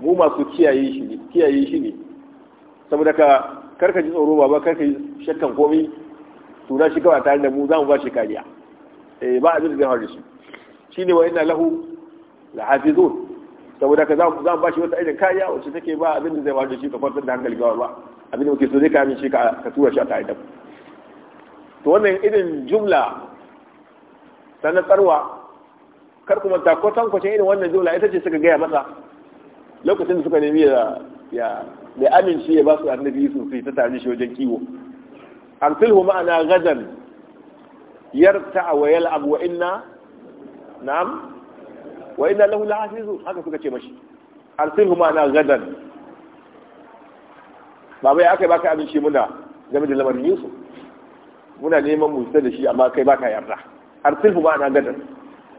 mu masu kiyaye shi ne kiyaye shi ne saboda ka karka ji tsoro ba karka shakkan komai tura shi kawai tare da mu za mu ba shi kariya eh ba abin da zai shi shine wa inna lahu hafizun. saboda ka za mu ba shi wata irin kariya wacce take ba abin da zai haure shi ka kwantar da hankali ga ba abin da muke so zai kawo amince ka tura shi a tare da to wannan irin jumla sanar tsarwa kar kuma ta kwatan kwacin irin wannan jumla ita ce suka gaya masa lokacin da suka nemi ya ya amince ya ba su annabi su sai ta tare shi wajen kiwo arsilhu ma'ana gadan yarta'a wa abu wa inna na'am wa inna lahu lahafizun haka suka ce mashi arsilhu ma'ana gadan ba bai aka baka amince muna game da lamarin Yusuf muna neman mu da shi amma kai baka yarda arsilhu ma'ana gadan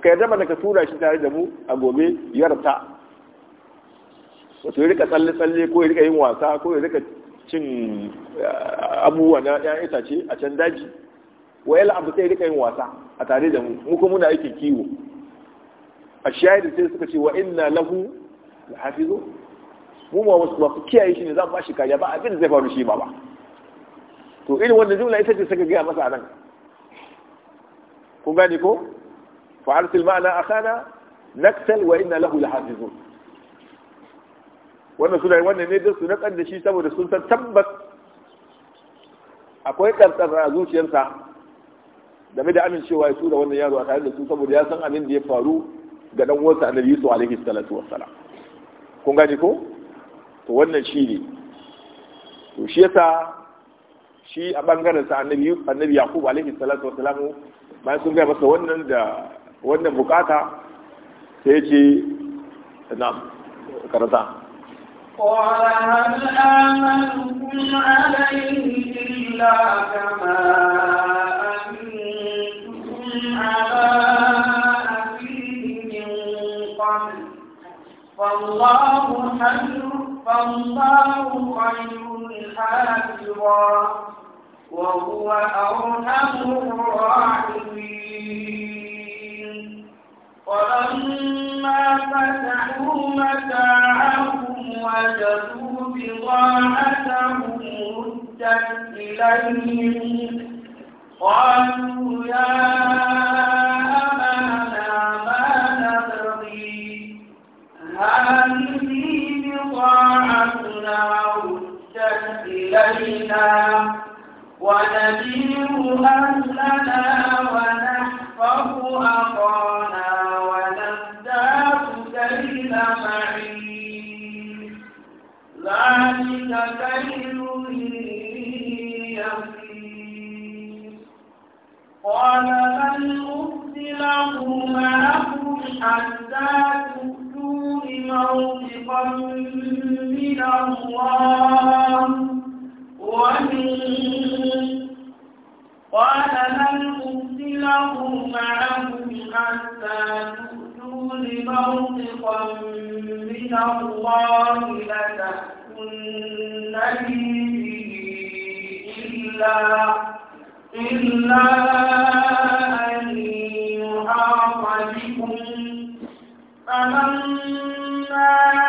ka yarda mana ka tura shi tare da mu a gobe yarta wato ya rika tsalle-tsalle ko ya rika yin wasa ko ya rika cin eh, abubuwa na ‘yan itace a can daji wa yala abu sai rika yin wasa a tare da mu kuma muna aikin kiwo a shayar sai suka ce wa ina lahu hafi zo. mu ma wasu masu kiyaye shi ne mu ba shi kariya ba abin da zai faru shi ba ba to irin wanda jimla ita ce suka gaya masa a nan kun gane ko fa arsil a akhana naktal wa ina lahu hafi zo. wannan suna wannan ne don suna naƙar da shi saboda sun san tabbas akwai ƙarƙar a zuciyarsa game da amincewa ya tura wannan yaro a tare da su saboda ya san abin da ya faru ga dan uwansa annabi yusuf alaihi salatu wassalam kun gane ko to wannan shi ne to shi yasa shi a bangaren sa annabi annabi yaqub alaihi salatu wassalam bayan sun gaya masa wannan da wannan bukata sai ya ce na karanta قال هل آمنكم عليه إلا كما أمنتكم على أبيه من قبل فالله خير فالله خير حافظا وهو أرحم الراحمين فلما فتحوا متاعهم وجدوا بضاعتهم ردت إليهم قالوا يا أبانا ما نبغي هذه بضاعتنا ردت إلينا ونجيب أهلنا ونحن نخاف أخانا ونزداد كيل معين ذلك كيل يسير قال بل أبدله معكم حتى تؤتون موثقا من الله ومن قال لن أرسله معكم حتى تؤتون موثقا من الله لتأتونني به إلا إلا أن يحاط بكم فلما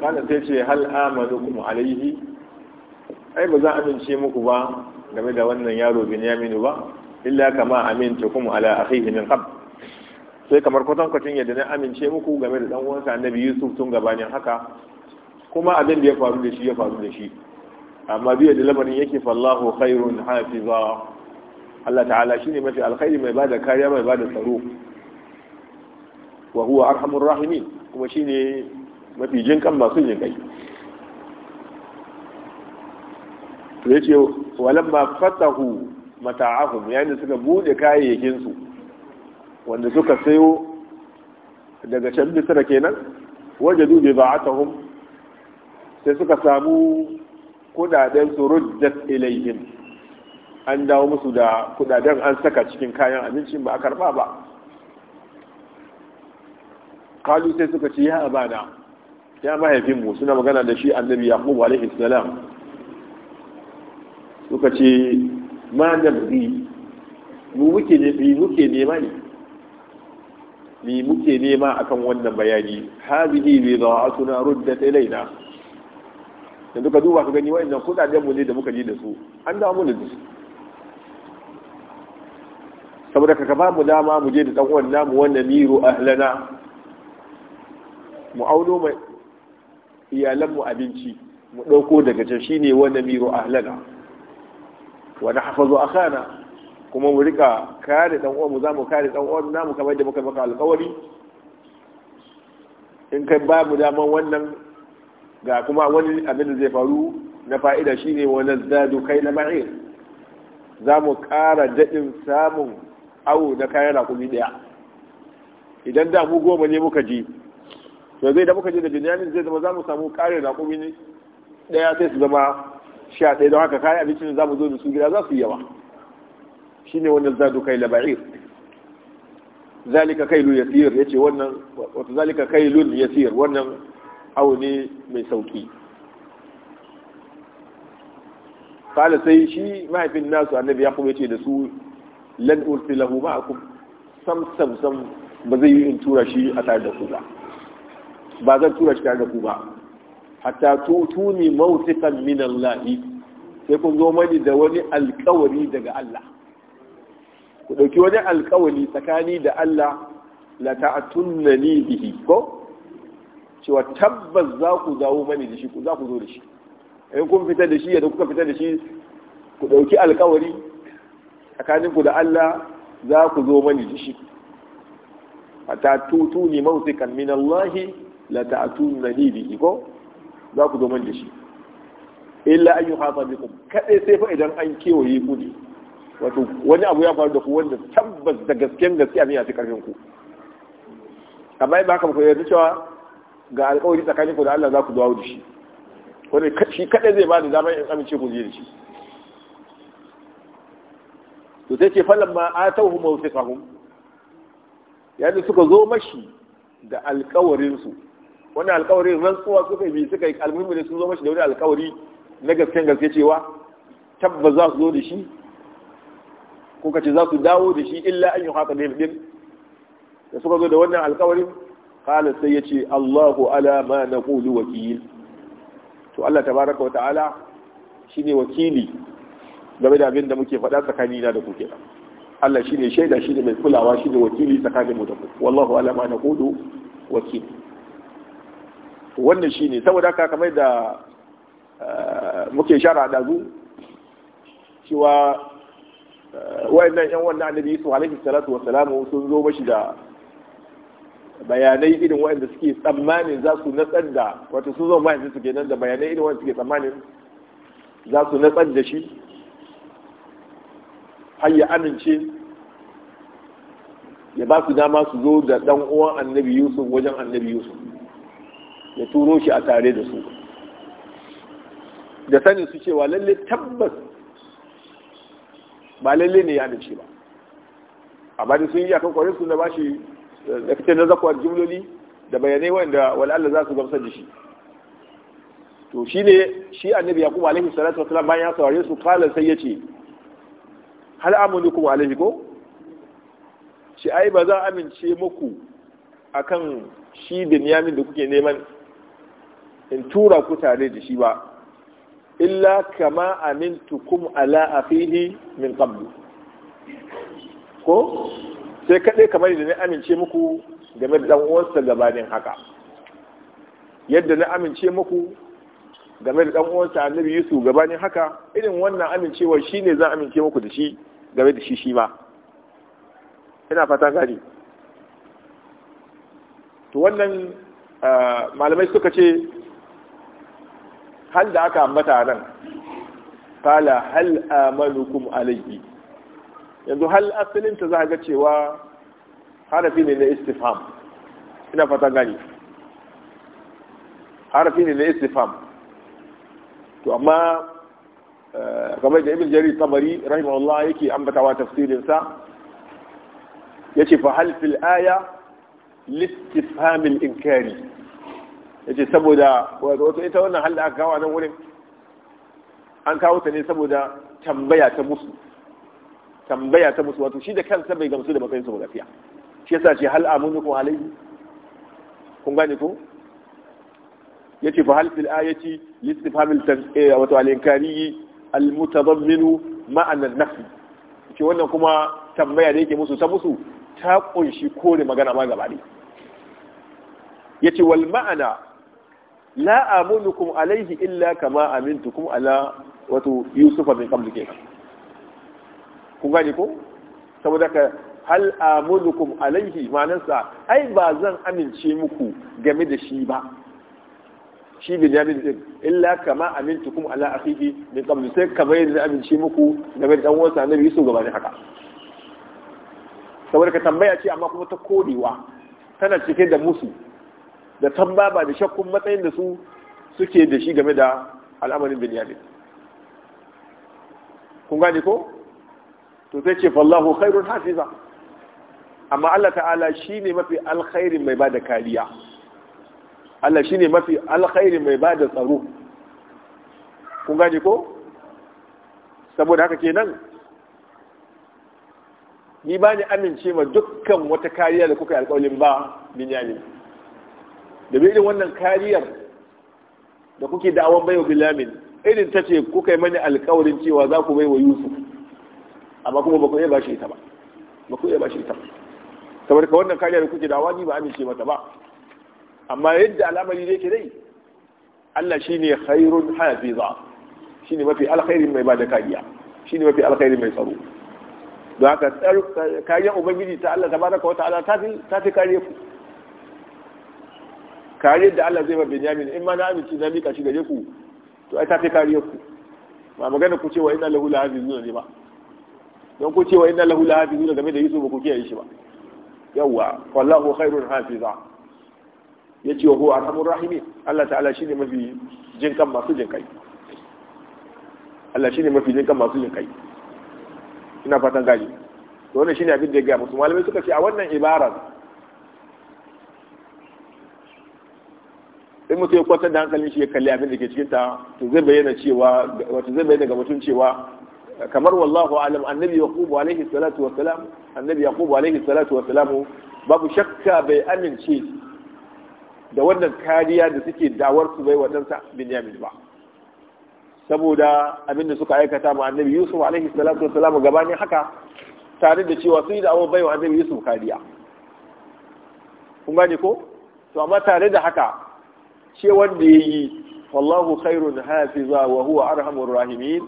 kana sai ce hal amadu kuma alaihi ai ba za amince muku ba game da wannan yaro binyaminu ba illa kama kuma ala akhihi min qabl sai kamar kwatankwacin yadda na amince muku game da dan uwansa annabi yusuf tun gabanin haka kuma abin da ya faru da shi ya faru da shi amma biya da lamarin yake fallahu khairun hafiza Allah ta'ala shine mafi alkhairi mai bada kariya mai bada tsaro wa huwa arhamur rahimin kuma shine mafi kan masu jinkai to yace walamma fatahu mata'ahum yayin suka bude kayayyakin su wanda suka sayo daga can bisira kenan wajadu bida'atuhum sai suka samu kudaden su ruddat ilayhim an dawo musu da kudaden an saka cikin kayan abinci ba a karba ba kalu sai suka ce ya abana ya mahaifinmu suna magana da shi annabi yaqub alaihi salam suka ce ma bi mu muke ne bi muke nema ne ni muke nema akan wannan bayani hadhihi bida'atuna ruddat ilaina dan duka duba ka gani wa'annan kudaden mu ne da muka ji da su an da mu da su saboda ka kafa mu dama mu je da dan uwan namu wannan miru ahlana mu auno mai iyalanmu abinci mu ɗauko daga can shine wanda miro ahlana wa a kana? kuma mu rika kare dan za mu kare dan namu kamar da muka maka alƙawari in kai ba mu daman wannan ga kuma wani abin da zai faru na fa'ida shine wani zadu kai na ma'ir mu kara daɗin samun awo na kayan rakumi ɗaya idan da mu goma ne muka je to zai da muka je da binyamin zai zama za mu samu kare raƙumi ne daya sai su zama sha ɗaya don haka kayan abincin da za mu zo da su gida za su yi yawa shi ne wannan zadu kai laba'ir zalika kailun yasir ya ce wannan wata zalika kailun yasir wannan awo ne mai sauki kala sai shi mahaifin nasu annabi ya kuma ce da su lan ursilahu ma'akum sam sam sam ba zai yi in tura shi a tare da su ba ba zan tura shi da ku ba hatta tutuni mautikan min Allah sai kun zo mani da wani alkawari daga Allah ku dauki wani alkawari tsakani da Allah la li bihi ko cewa tabbas za ku dawo mani da shi ku za ku zo da shi in kun fita da shi yadda kuka fita da shi ku dauki alkawari tsakanin ku da Allah za ku zo mani da shi hatta tutuni mautikan min Allah la ta'atun nahi bihi ko za ku zo man da shi illa an yuhata bikum Kaɗai sai fa idan an kewaye ku ne wato wani abu ya faru da ku wanda tabbas da gasken gaskiya ne ya fi karfin ku amma ba haka ku yarda cewa ga alƙawari tsakanin ku da Allah za ku dawo da shi wani shi kaɗai zai ba da damar in amince ku je da shi to sai ce falan ma atawhu mawsiqahum Yadda suka zo mashi da alƙawarin su wannan alkawarin rantsuwa suka yi suka yi almuhimmi ne sun zo mashi da wani alkawari na gasken gaske cewa tabba za su zo da shi ko ka ce za su dawo da shi illa an yi haka din da suka zo da wannan alkawarin kala sai ya ce allahu ala ma na kulu wakil to allah Ta baraka wa ta'ala shi ne wakili game da abin da muke faɗa tsakanina da kuke Allah shi ne shaida shi ne mai kulawa ne wakili tsakanin mu da ku wallahu ala ma na kulu wakili wannan shi ne saboda ka kamar da eh, muke shara zu cewa eh, wayannan yan wannan annabi su alaihi salatu wassalamu sun zo mashi da bayanai irin wayanda suke tsammanin za su natsar da wato sun zo yanzu suke nan da bayanai irin wayanda suke tsammanin za su natsar da shi har ya amince ya ba su dama su zo da dan uwan annabi Yusuf wajen annabi Yusuf ya turo shi a tare da su da sanin su cewa lalle tabbas ba lalle ne ya dace ba A bari sun yi akan kwarin su na bashi da fitar na zakuwar jimloli da bayanai wanda wal'alla za su gamsar da shi to shi ne shi annabi kuma alaihi salatu wasalam bayan ya saurare su kala sai ya ce hal kuma alaihi ko shi ai ba za amince muku akan shi da niyamin da kuke neman in tura ku tare da shi ba illa kama amintukum ala afihi min qablu ko sai kade kamar da na amince muku game da dan uwansa gabanin haka yadda na amince muku game da dan uwansa annabi Yusuf gabanin haka irin wannan amincewa shine zan amince muku da shi game da shi shi ma ina fata gani to wannan ah, malamai suka ce hal da aka ambata nan kala hal amalukum alayhi yanzu hal asalin ta za ga cewa harafi ne na istifham ina fata gani harafi ne na istifham to amma eh, kamar da ibn jarir tabari rahimahullah yake ambatawa tafsirin sa yace fa hal fil aya listifham al inkari yace saboda wato ita wannan hal da aka kawo a nan wurin an kawo ta ne saboda tambaya ta musu tambaya ta musu wato shi da kansa bai gamsu da matsayin sa gafiya shi yasa ce hal amunukum alayhi kun gane ko yace fa hal fil ayati listifhamil tanqiya eh, wato al-inkari al-mutadamminu ma'ana an-nafi ce wannan kuma tambaya da yake musu ta musu ta kunshi kore magana ma gaba ne yace wal ma'ana la amunukum alaihi illa kama amintukum ala wato yusufa min qabl kenan Ku gani ko saboda ka hal amunukum alaihi manansa ai ba zan amince muku game da shi ba shi yamin din illa kama amintukum ala akhihi min qabl sai bayar da amince muku game da dan uwansa annabi yusuf gaba ne haka saboda ka tambaya ce amma kuma ta kodewa tana cike da musu da tamba ba da shakkun matsayin da su suke da shi game da al'amarin binyamin kun gane ko to sai ce fallahu khairun hafiza amma Allah ta'ala shine mafi alkhairin mai bada kariya Allah shi ne mafi alkhairin mai bada tsaro kun gane ko saboda haka kenan ni ba ni amince ma dukkan wata kariya da kuka yi alkawalin ba binyamin da irin wannan kariyar da kuke da'awan baiwa bilamin irin ta ce kuka yi mani alkawarin cewa za ku baiwa yusuf amma kuma ba ku iya ba shi ita ba ba ku iya ba shi ita ba saboda ka wannan kariyar da kuke da'awa ni ba amince mata ba amma yadda al'amari ne ke dai Allah shi shine khairun hafiza ne mafi alkhairin mai bada kariya shi ne mafi alkhairin mai tsaro don haka kariyar ubangiji ta Allah tabaraka wa ta'ala ta fi kariya ku kariyar da Allah zai ba Benjamin in ma na amince na mika shi gare ku to ai ta fi kariyar ku ba magana ku cewa inna lahu lahafizuna ne ba don ku cewa inna lahu lahafizuna game da Yusuf ba ku kiyaye shi ba yawa wallahu khairun hafiza yace wa huwa arhamur rahimin Allah ta'ala shine mafi jin kan masu kai, Allah shine mafi jin kan masu kai, ina fatan gaji to wannan shine abin da ya ga musu malamai suka ce a wannan ibarar sai mutum ya kwatar da hankalin shi ya kalli abin da ke cikin ta to zai bayyana cewa wato zai bayyana ga mutum cewa kamar wallahu alam annabi yaqub alaihi salatu wassalam annabi yaqub alaihi salatu wassalam babu shakka bai amince da wannan kariya da suke dawar su bai waɗansa binyamin ba saboda abin da suka aikata ma annabi yusuf alaihi salatu wassalam gabanin haka tare da cewa sun yi da bai wa annabi yusuf kariya kun gane ko to amma tare da haka ce wanda ya yi wallahu khairun hafiza wa huwa arhamur rahimin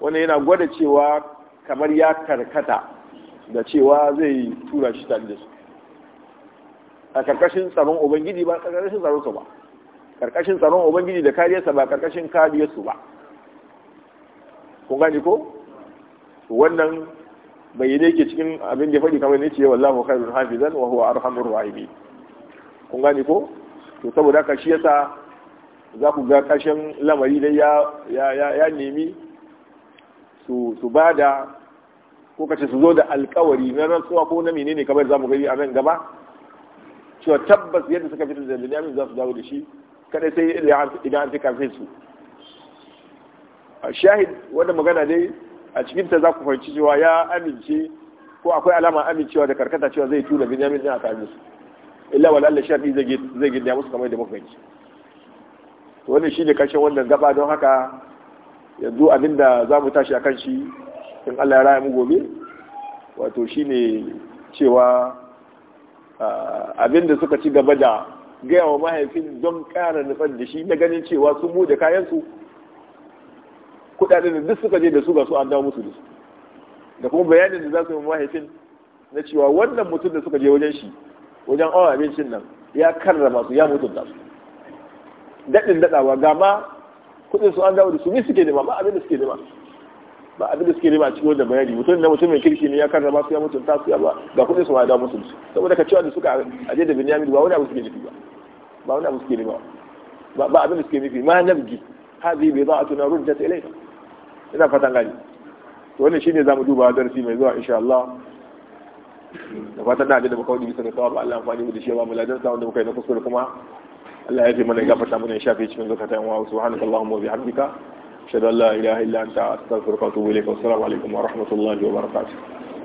wannan yana gwada cewa kamar ya karkata da cewa zai tura shi ta da a karkashin tsaron ubangiji ba karkashin tsaron su ba karkashin tsaron ubangiji da kariyarsa ba karkashin kariyarsu ba kun gani ko wannan bayyane ke cikin abin da ya faɗi kamar ne ce wallahu khairun hafizan wa huwa arhamur rahimin kun gani ko to saboda haka shi yasa za ku ga kashin lamari dai ya nemi su su da ko kace su zo da alkawari na rantsuwa ko na menene kamar za mu gani a nan gaba cewa tabbas yadda suka fitar da amin za su dawo da shi kada sai idan an fi kafin su shahid wanda magana dai a cikin ta za ku fahimci cewa ya amince ko akwai alama amincewa da karkata cewa zai tura Benyamin din a kafin su illa wa Allah shafi zai gida musu kamar da muka yi wani shi shine kashe wannan gaba don haka yanzu abinda za mu tashi a kan shi in Allah ya raya mu gobe wato shine cewa abinda suka ci gaba da gaya wa mahaifin don ƙara nutsar da shi na ganin cewa sun mu da kayansu kudaden duk suka je da su ga su an dawo musu da su da kuma bayanin da za su yi mahaifin na cewa wannan mutum da suka je wajen shi wajen awa abincin nan ya karrama su ya mutunta su daɗin daɗawa ga ma kuɗin su an dawo da su ni suke nema ba abin da suke nema ba abin da suke nema a cikin da bayani mutum na mutum mai kirki ne ya karrama su ya mutunta su ya ba ga kuɗin su ma dawo musu saboda ka cewa da suka aje da binyamin ba wani abu suke nufi ba ba wani abu suke nema ba ba abin da suke nufi ma nabgi hadhihi bida'atuna rujjat ilayka ina fatan gani to wannan shine zamu duba darasi mai zuwa insha Allah da fatan da da muka wani bisa da ala Allah amfani da shi ba mu ladan sa wanda muka yi na kuskure kuma Allah ya fi mana gafarta mana ya shafe cikin zakata yan wa subhanaka allahumma wa bihamdika ashhadu an ilaha illa anta astaghfiruka wa atubu assalamu alaikum wa rahmatullahi wa barakatuh